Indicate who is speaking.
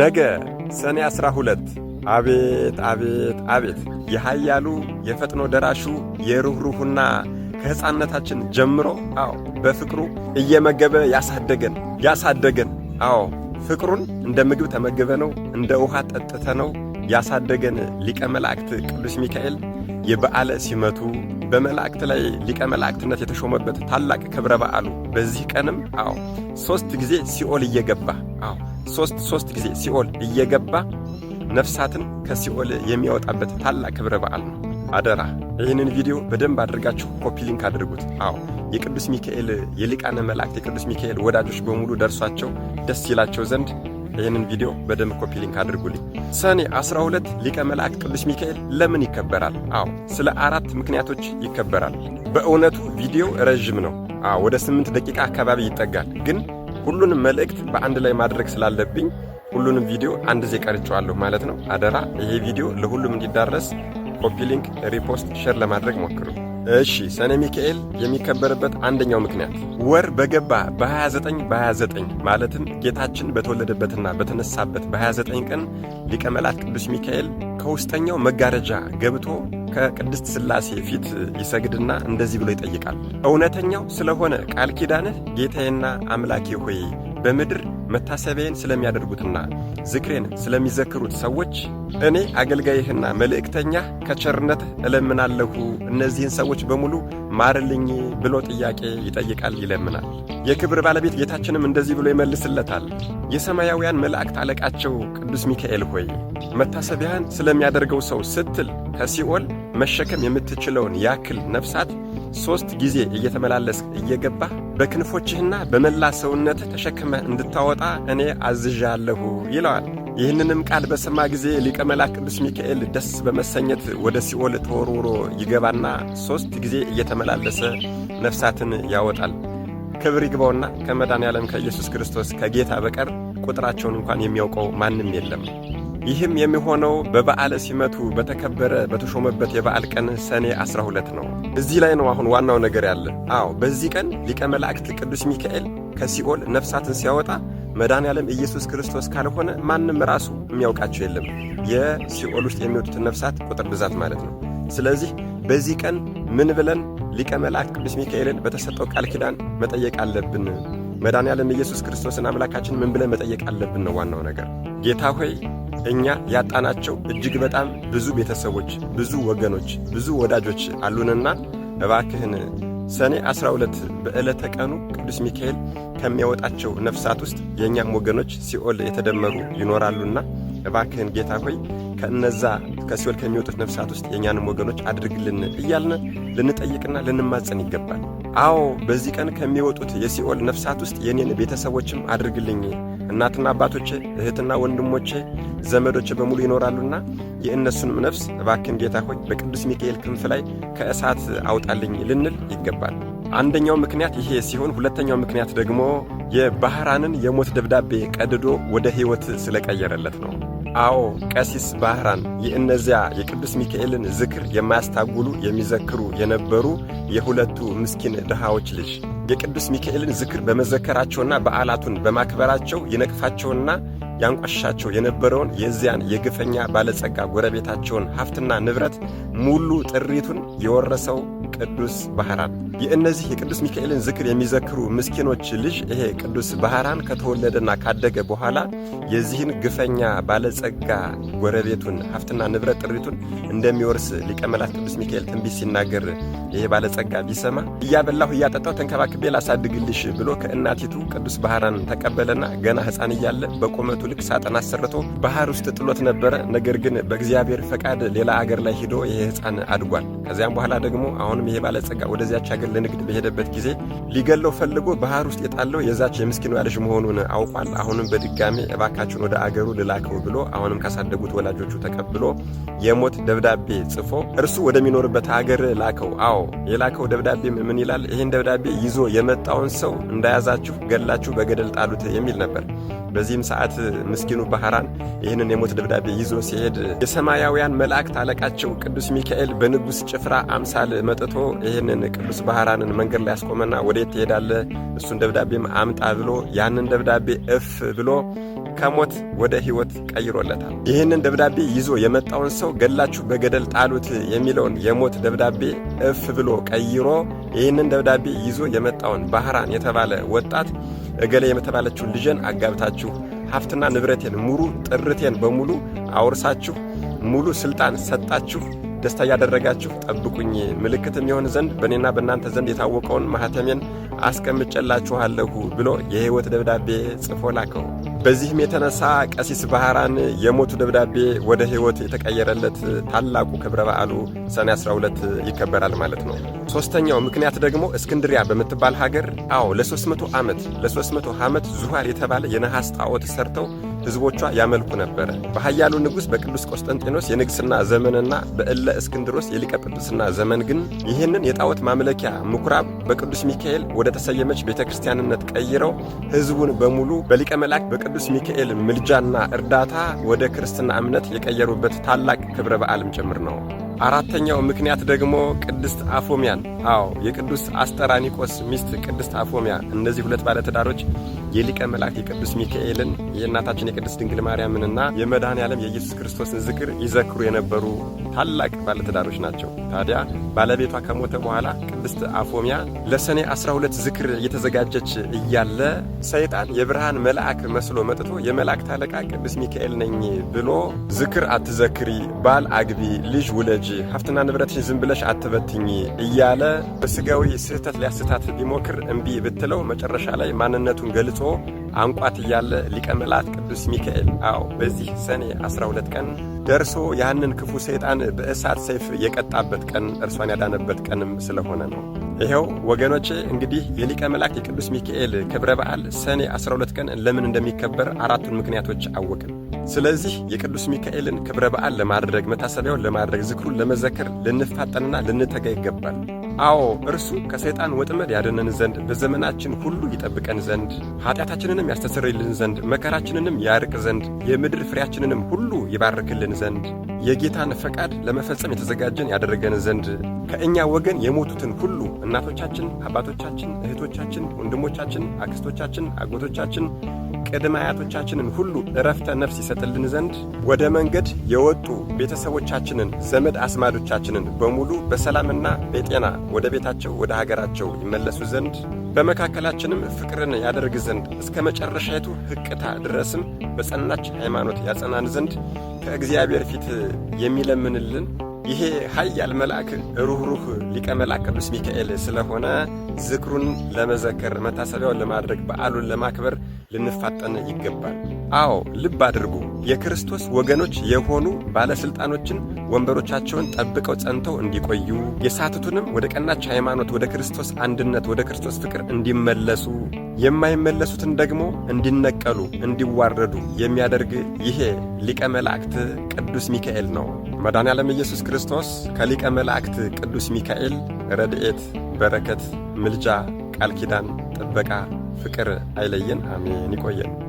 Speaker 1: ነገ ሰኔ ዐሥራ ሁለት አቤት አቤት አቤት የኃያሉ የፈጥኖ ደራሹ የሩኅሩኅና ከሕፃንነታችን ጀምሮ አዎ በፍቅሩ እየመገበ ያሳደገን ያሳደገን አዎ ፍቅሩን እንደ ምግብ ተመግበ ነው እንደ ውሃ ጠጥተ ነው ያሳደገን ሊቀ መላእክት ቅዱስ ሚካኤል የበዓለ ሲመቱ በመላእክት ላይ ሊቀ መላእክትነት የተሾመበት ታላቅ ክብረ በዓሉ በዚህ ቀንም አዎ ሦስት ጊዜ ሲኦል እየገባ አዎ ሶስት ሶስት ጊዜ ሲኦል እየገባ ነፍሳትን ከሲኦል የሚያወጣበት ታላቅ ክብረ በዓል ነው። አደራ ይህንን ቪዲዮ በደንብ አድርጋችሁ ኮፒ ሊንክ አድርጉት። አዎ የቅዱስ ሚካኤል የሊቃነ መላእክት የቅዱስ ሚካኤል ወዳጆች በሙሉ ደርሷቸው ደስ ይላቸው ዘንድ ይህንን ቪዲዮ በደንብ ኮፒ ሊንክ አድርጉልኝ። ሰኔ 12 ሊቀ መላእክት ቅዱስ ሚካኤል ለምን ይከበራል? አዎ ስለ አራት ምክንያቶች ይከበራል። በእውነቱ ቪዲዮ ረዥም ነው። አዎ ወደ ስምንት ደቂቃ አካባቢ ይጠጋል ግን ሁሉንም መልእክት በአንድ ላይ ማድረግ ስላለብኝ ሁሉንም ቪዲዮ አንድ ዜ ቀርጬዋለሁ ማለት ነው። አደራ ይሄ ቪዲዮ ለሁሉም እንዲዳረስ ኮፒ ሊንክ፣ ሪፖስት፣ ሼር ለማድረግ ሞክሩ። እሺ ሰኔ ሚካኤል የሚከበርበት አንደኛው ምክንያት ወር በገባ በ29 በ29 ማለትም ጌታችን በተወለደበትና በተነሳበት በ29 ቀን ሊቀ መላእክት ቅዱስ ሚካኤል ከውስጠኛው መጋረጃ ገብቶ ከቅድስት ሥላሴ ፊት ይሰግድና እንደዚህ ብሎ ይጠይቃል። እውነተኛው ስለሆነ ቃል ኪዳንህ ጌታዬና አምላኬ ሆይ በምድር መታሰቢያዬን ስለሚያደርጉትና ዝክሬን ስለሚዘክሩት ሰዎች እኔ አገልጋይህና መልእክተኛህ ከቸርነት እለምናለሁ። እነዚህን ሰዎች በሙሉ ማርልኝ ብሎ ጥያቄ ይጠይቃል፣ ይለምናል። የክብር ባለቤት ጌታችንም እንደዚህ ብሎ ይመልስለታል። የሰማያውያን መላእክት አለቃቸው ቅዱስ ሚካኤል ሆይ መታሰቢያህን ስለሚያደርገው ሰው ስትል ከሲኦል መሸከም የምትችለውን ያክል ነፍሳት ሦስት ጊዜ እየተመላለስ እየገባህ በክንፎችህና በመላ ሰውነትህ ተሸክመህ እንድታወጣ እኔ አዝዣለሁ ይለዋል። ይህንንም ቃል በሰማ ጊዜ ሊቀ መልአክ ቅዱስ ሚካኤል ደስ በመሰኘት ወደ ሲኦል ተወርውሮ ይገባና ሦስት ጊዜ እየተመላለሰ ነፍሳትን ያወጣል። ክብር ይግባውና ከመድኃኔ ዓለም ከኢየሱስ ክርስቶስ ከጌታ በቀር ቁጥራቸውን እንኳን የሚያውቀው ማንም የለም። ይህም የሚሆነው በበዓለ ሲመቱ በተከበረ በተሾመበት የበዓል ቀን ሰኔ 12 ነው። እዚህ ላይ ነው አሁን ዋናው ነገር ያለ። አዎ በዚህ ቀን ሊቀ መላእክት ቅዱስ ሚካኤል ከሲኦል ነፍሳትን ሲያወጣ መድኃኔ ኢየሱስ ክርስቶስ ካልሆነ ማንም ራሱ የሚያውቃቸው የለም። የሲኦል ውስጥ የሚወጡትን ነፍሳት ቁጥር ብዛት ማለት ነው። ስለዚህ በዚህ ቀን ምን ብለን ሊቀ መላእክት ቅዱስ ሚካኤልን በተሰጠው ቃል ኪዳን መጠየቅ አለብን? መድኃኔ ኢየሱስ ክርስቶስን አምላካችን ምን ብለን መጠየቅ አለብን ነው ዋናው ነገር። ጌታ ሆይ እኛ ያጣናቸው እጅግ በጣም ብዙ ቤተሰቦች፣ ብዙ ወገኖች፣ ብዙ ወዳጆች አሉንና እባክህን ሰኔ 12 በዕለተ ቀኑ ቅዱስ ሚካኤል ከሚያወጣቸው ነፍሳት ውስጥ የእኛም ወገኖች ሲኦል የተደመሩ ይኖራሉና እባክህን ጌታ ሆይ ከእነዛ ከሲኦል ከሚወጡት ነፍሳት ውስጥ የእኛንም ወገኖች አድርግልን እያልን ልንጠይቅና ልንማጸን ይገባል። አዎ በዚህ ቀን ከሚወጡት የሲኦል ነፍሳት ውስጥ የእኔን ቤተሰቦችም አድርግልኝ እናትና አባቶቼ፣ እህትና ወንድሞቼ፣ ዘመዶች በሙሉ ይኖራሉና የእነሱንም ነፍስ እባክን ጌታ ሆይ በቅዱስ ሚካኤል ክንፍ ላይ ከእሳት አውጣልኝ ልንል ይገባል። አንደኛው ምክንያት ይሄ ሲሆን፣ ሁለተኛው ምክንያት ደግሞ የባህራንን የሞት ደብዳቤ ቀድዶ ወደ ሕይወት ስለቀየረለት ነው። አዎ ቀሲስ ባህራን የእነዚያ የቅዱስ ሚካኤልን ዝክር የማያስታጉሉ የሚዘክሩ የነበሩ የሁለቱ ምስኪን ድሃዎች ልጅ የቅዱስ ሚካኤልን ዝክር በመዘከራቸውና በዓላቱን በማክበራቸው ይነቅፋቸውና ያንቋሻቸው የነበረውን የዚያን የግፈኛ ባለጸጋ ጎረቤታቸውን ሀብትና ንብረት ሙሉ ጥሪቱን የወረሰው ቅዱስ ባህራል የእነዚህ የቅዱስ ሚካኤልን ዝክር የሚዘክሩ ምስኪኖች ልጅ ይሄ ቅዱስ ባህራን ከተወለደና ካደገ በኋላ የዚህን ግፈኛ ባለጸጋ ጎረቤቱን ሀብትና ንብረት ጥሪቱን እንደሚወርስ ሊቀ መላእክት ቅዱስ ሚካኤል ትንቢት ሲናገር ይሄ ባለጸጋ ቢሰማ እያበላሁ እያጠጣሁ ተንከባክቤ ላሳድግልሽ ብሎ ከእናቲቱ ቅዱስ ባህራን ተቀበለና ገና ሕፃን እያለ በቁመቱ ልክ ሳጥን አሰርቶ ባህር ውስጥ ጥሎት ነበረ። ነገር ግን በእግዚአብሔር ፈቃድ ሌላ አገር ላይ ሂዶ ይሄ ሕፃን አድጓል። ከዚያም በኋላ ደግሞ አሁንም ይሄ ባለጸጋ ወደዚያች አገር ግን ለንግድ በሄደበት ጊዜ ሊገለው ፈልጎ ባህር ውስጥ የጣለው የዛች የምስኪኑ ያልሽ መሆኑን አውቋል። አሁንም በድጋሚ እባካችን ወደ አገሩ ልላከው ብሎ አሁንም ካሳደጉት ወላጆቹ ተቀብሎ የሞት ደብዳቤ ጽፎ እርሱ ወደሚኖርበት አገር ላከው። አዎ የላከው ደብዳቤ ምን ይላል? ይህን ደብዳቤ ይዞ የመጣውን ሰው እንዳያዛችሁ ገላችሁ በገደል ጣሉት የሚል ነበር። በዚህም ሰዓት ምስኪኑ ባህራን ይህንን የሞት ደብዳቤ ይዞ ሲሄድ የሰማያውያን መላእክት አለቃቸው ቅዱስ ሚካኤል በንጉሥ ጭፍራ አምሳል መጥቶ ይህንን ቅዱስ ባህራንን መንገድ ላይ ያስቆመና ወዴት ትሄዳለ? እሱን ደብዳቤም አምጣ ብሎ ያንን ደብዳቤ እፍ ብሎ ከሞት ወደ ሕይወት ቀይሮለታል። ይህንን ደብዳቤ ይዞ የመጣውን ሰው ገላችሁ በገደል ጣሉት የሚለውን የሞት ደብዳቤ እፍ ብሎ ቀይሮ ይህንን ደብዳቤ ይዞ የመጣውን ባህራን የተባለ ወጣት እገሌ የተባለችውን ልጄን አጋብታችሁ ሀብትና ንብረቴን ሙሉ ጥርቴን በሙሉ አውርሳችሁ ሙሉ ስልጣን ሰጣችሁ ደስታ እያደረጋችሁ ጠብቁኝ፣ ምልክት የሚሆን ዘንድ በእኔና በእናንተ ዘንድ የታወቀውን ማኅተሜን አስቀምጨላችኋለሁ ብሎ የሕይወት ደብዳቤ ጽፎ ላከው። በዚህም የተነሳ ቀሲስ ባህራን የሞቱ ደብዳቤ ወደ ሕይወት የተቀየረለት ታላቁ ክብረ በዓሉ ሰኔ 12 ይከበራል ማለት ነው። ሦስተኛው ምክንያት ደግሞ እስክንድሪያ በምትባል ሀገር አዎ ለ300 ዓመት ለ300 ዓመት ዙኋር የተባለ የነሐስ ጣዖት ሰርተው ሕዝቦቿ ያመልኩ ነበረ። በኃያሉ ንጉሥ በቅዱስ ቆስጠንጤኖስ የንግሥና ዘመንና በእለ እስክንድሮስ የሊቀ ጵጵስና ዘመን ግን ይህንን የጣዖት ማምለኪያ ምኩራብ በቅዱስ ሚካኤል ወደ ተሰየመች ቤተ ክርስቲያንነት ቀይረው ሕዝቡን በሙሉ በሊቀ መልአክ በቅዱስ ሚካኤል ምልጃና እርዳታ ወደ ክርስትና እምነት የቀየሩበት ታላቅ ክብረ በዓልም ጭምር ነው። አራተኛው ምክንያት ደግሞ ቅድስት አፎሚያን አዎ የቅዱስ አስጠራኒቆስ ሚስት ቅድስት አፎሚያ። እነዚህ ሁለት ባለትዳሮች የሊቀ መላእክት የቅዱስ ሚካኤልን የእናታችን የቅድስት ድንግል ማርያምንና የመድኃኔ ዓለም የኢየሱስ ክርስቶስን ዝክር ይዘክሩ የነበሩ ታላቅ ባለትዳሮች ናቸው። ታዲያ ባለቤቷ ከሞተ በኋላ ቅድስት አፎሚያ ለሰኔ 12 ዝክር እየተዘጋጀች እያለ ሰይጣን የብርሃን መልአክ መስሎ መጥቶ የመላእክት አለቃ ቅዱስ ሚካኤል ነኝ ብሎ ዝክር አትዘክሪ፣ ባል አግቢ፣ ልጅ ውለጅ ሀብትና ንብረትሽን ዝም ብለሽ አትበትኝ እያለ በስጋዊ ስህተት ሊያስታት ቢሞክር እምቢ ብትለው መጨረሻ ላይ ማንነቱን ገልጾ አንቋት እያለ ሊቀ መላእክት ቅዱስ ሚካኤል አዎ በዚህ ሰኔ 12 ቀን ደርሶ ያንን ክፉ ሰይጣን በእሳት ሰይፍ የቀጣበት ቀን እርሷን ያዳነበት ቀንም ስለሆነ ነው። ይኸው ወገኖቼ እንግዲህ የሊቀ መላእክት የቅዱስ ሚካኤል ክብረ በዓል ሰኔ 12 ቀን ለምን እንደሚከበር አራቱን ምክንያቶች አወቅን። ስለዚህ የቅዱስ ሚካኤልን ክብረ በዓል ለማድረግ መታሰቢያውን ለማድረግ ዝክሩን ለመዘከር ልንፋጠንና ልንተጋ ይገባል። አዎ እርሱ ከሰይጣን ወጥመድ ያደነን ዘንድ በዘመናችን ሁሉ ይጠብቀን ዘንድ ኃጢአታችንንም ያስተሰርይልን ዘንድ መከራችንንም ያርቅ ዘንድ የምድር ፍሬያችንንም ሁሉ ይባርክልን ዘንድ የጌታን ፈቃድ ለመፈጸም የተዘጋጀን ያደረገን ዘንድ ከእኛ ወገን የሞቱትን ሁሉ እናቶቻችን፣ አባቶቻችን፣ እህቶቻችን፣ ወንድሞቻችን፣ አክስቶቻችን፣ አጎቶቻችን ቅድመ አያቶቻችንን ሁሉ እረፍተ ነፍስ ይሰጥልን ዘንድ ወደ መንገድ የወጡ ቤተሰቦቻችንን ዘመድ አስማዶቻችንን በሙሉ በሰላምና በጤና ወደ ቤታቸው ወደ ሀገራቸው ይመለሱ ዘንድ በመካከላችንም ፍቅርን ያደርግ ዘንድ እስከ መጨረሻይቱ ሕቅታ ድረስም በጸናች ሃይማኖት ያጸናን ዘንድ ከእግዚአብሔር ፊት የሚለምንልን ይሄ ኃያል መልአክ ሩኅሩኅ ሊቀ መልአክ ቅዱስ ሚካኤል ስለሆነ ዝክሩን ለመዘከር መታሰቢያውን ለማድረግ በዓሉን ለማክበር ልንፋጠን ይገባል። አዎ ልብ አድርጉ። የክርስቶስ ወገኖች የሆኑ ባለሥልጣኖችን ወንበሮቻቸውን ጠብቀው ጸንተው እንዲቆዩ የሳትቱንም ወደ ቀናች ሃይማኖት፣ ወደ ክርስቶስ አንድነት፣ ወደ ክርስቶስ ፍቅር እንዲመለሱ የማይመለሱትን ደግሞ እንዲነቀሉ፣ እንዲዋረዱ የሚያደርግ ይሄ ሊቀ መላእክት ቅዱስ ሚካኤል ነው። መድኃኔ ዓለም ኢየሱስ ክርስቶስ ከሊቀ መላእክት ቅዱስ ሚካኤል ረድኤት፣ በረከት፣ ምልጃ፣ ቃል ኪዳን ጥበቃ፣ ፍቅር አይለየን። አሜን። ይቆየን።